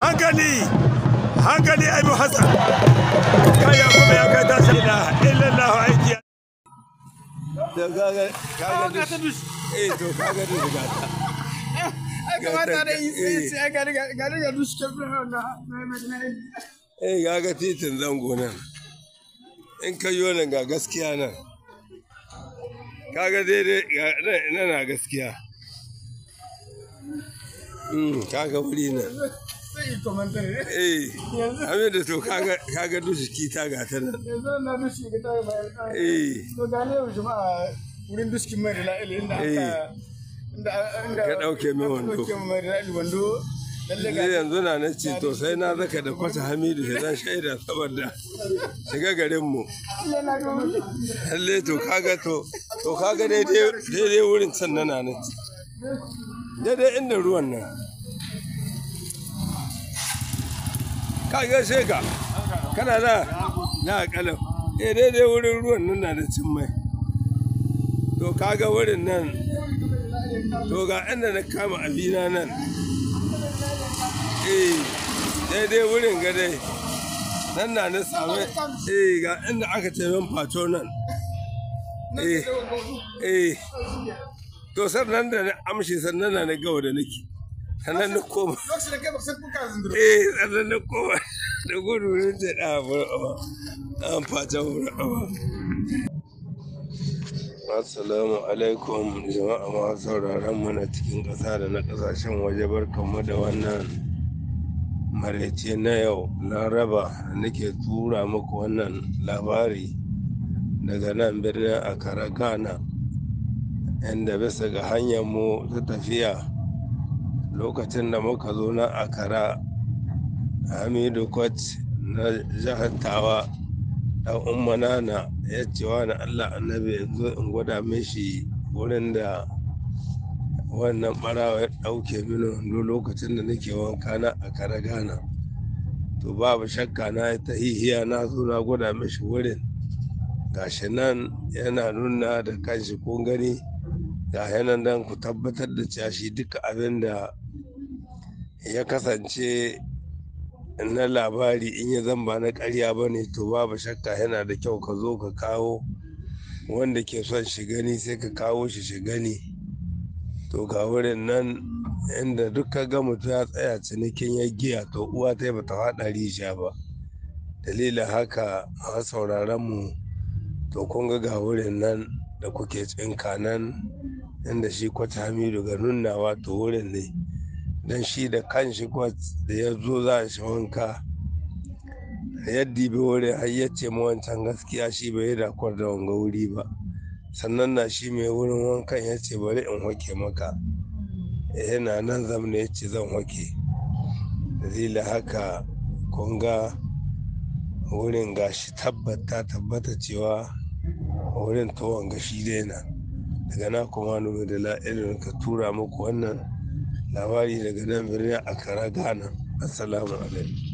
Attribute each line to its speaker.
Speaker 1: hankali hankali abu hassan kaya kuma ya kai tashi ila illallah aiki da gaga to ta kaga eh to gaga da ga ai kamata da yi sai ga ga ga dus eh, ke eh, eh. na eh gaga titin zango nan in kai yi nan ga gaskiya nan kaga daidai nan na gaskiya hmm, kaga wuri nan eh to kaga dushi kita nan yanzu na dushi ga ta eh. to jama'a wurin mai inda aka eh. mai wando na na to sai na zaka da kwata hamidu sai zan shaida saboda shiga garin mu lalle to kaga to to kaga daidai wurin can na na daidai inda ruwan nan ka gaishe ka kana na na kalam eh dai-dai wurin ruwan nan na da mai. to kaga wurin nan to ga inda na kama abina nan eh dai-dai wurin ga dai nan na na same eh ga inda aka ce min fato nan eh eh to sannan da na amshi sannan na na gawa da nake sannan da eh, da da assalamu alaikum jama'a ma sauraron mu na cikin ƙasa da na ƙasashen waje barkanmu da wannan maraice na yau laraba nake tura muku wannan labari daga nan birnin akara ghana inda bisa ga hanyar mu ta tafiya lokacin da muka zo na akara hamidu kwat na jihar tawa dan umma ya ce ni allah annabi zo in gwada mishi wurin da wannan barawa ya ɗauke mini wando lokacin da nake wanka na a kara gana to babu shakka na ta hihiya na zo na gwada mishi wurin gashi nan yana nuna da kanshi kun gani ga yanan dan ku tabbatar da cewa duka abin da ya kasance na labari in ya zamba na karya ba ne to babu shakka yana da kyau ka zo ka kawo wanda ke son shi gani sai ka kawo shi shi gani to ga wurin nan inda duka ga mutu ya tsaya cinikin ya giya to uwa ta yi bata faɗa risha ba dalilin haka a sauraron mu to kun ga ga wurin nan da kuke tsinka nan inda shi kwata hamidu ga nunawa to wurin ne don shi da kan shi da ya zo za shi wanka yadda bi wurin har ya ce wancan gaskiya shi bai yi dakwar da wanga wuri ba sannan na shi mai wurin wankan ya ce bari in wake maka yana eh, nan zamna ya ce zan wake zila haka kunga wurin gashi tabbata tabbata cewa wurin tawon gashi daina daga na kuma nuna da la'ilin ka tura muku wannan labari daga nan birnin kara ghana assalamu alaikum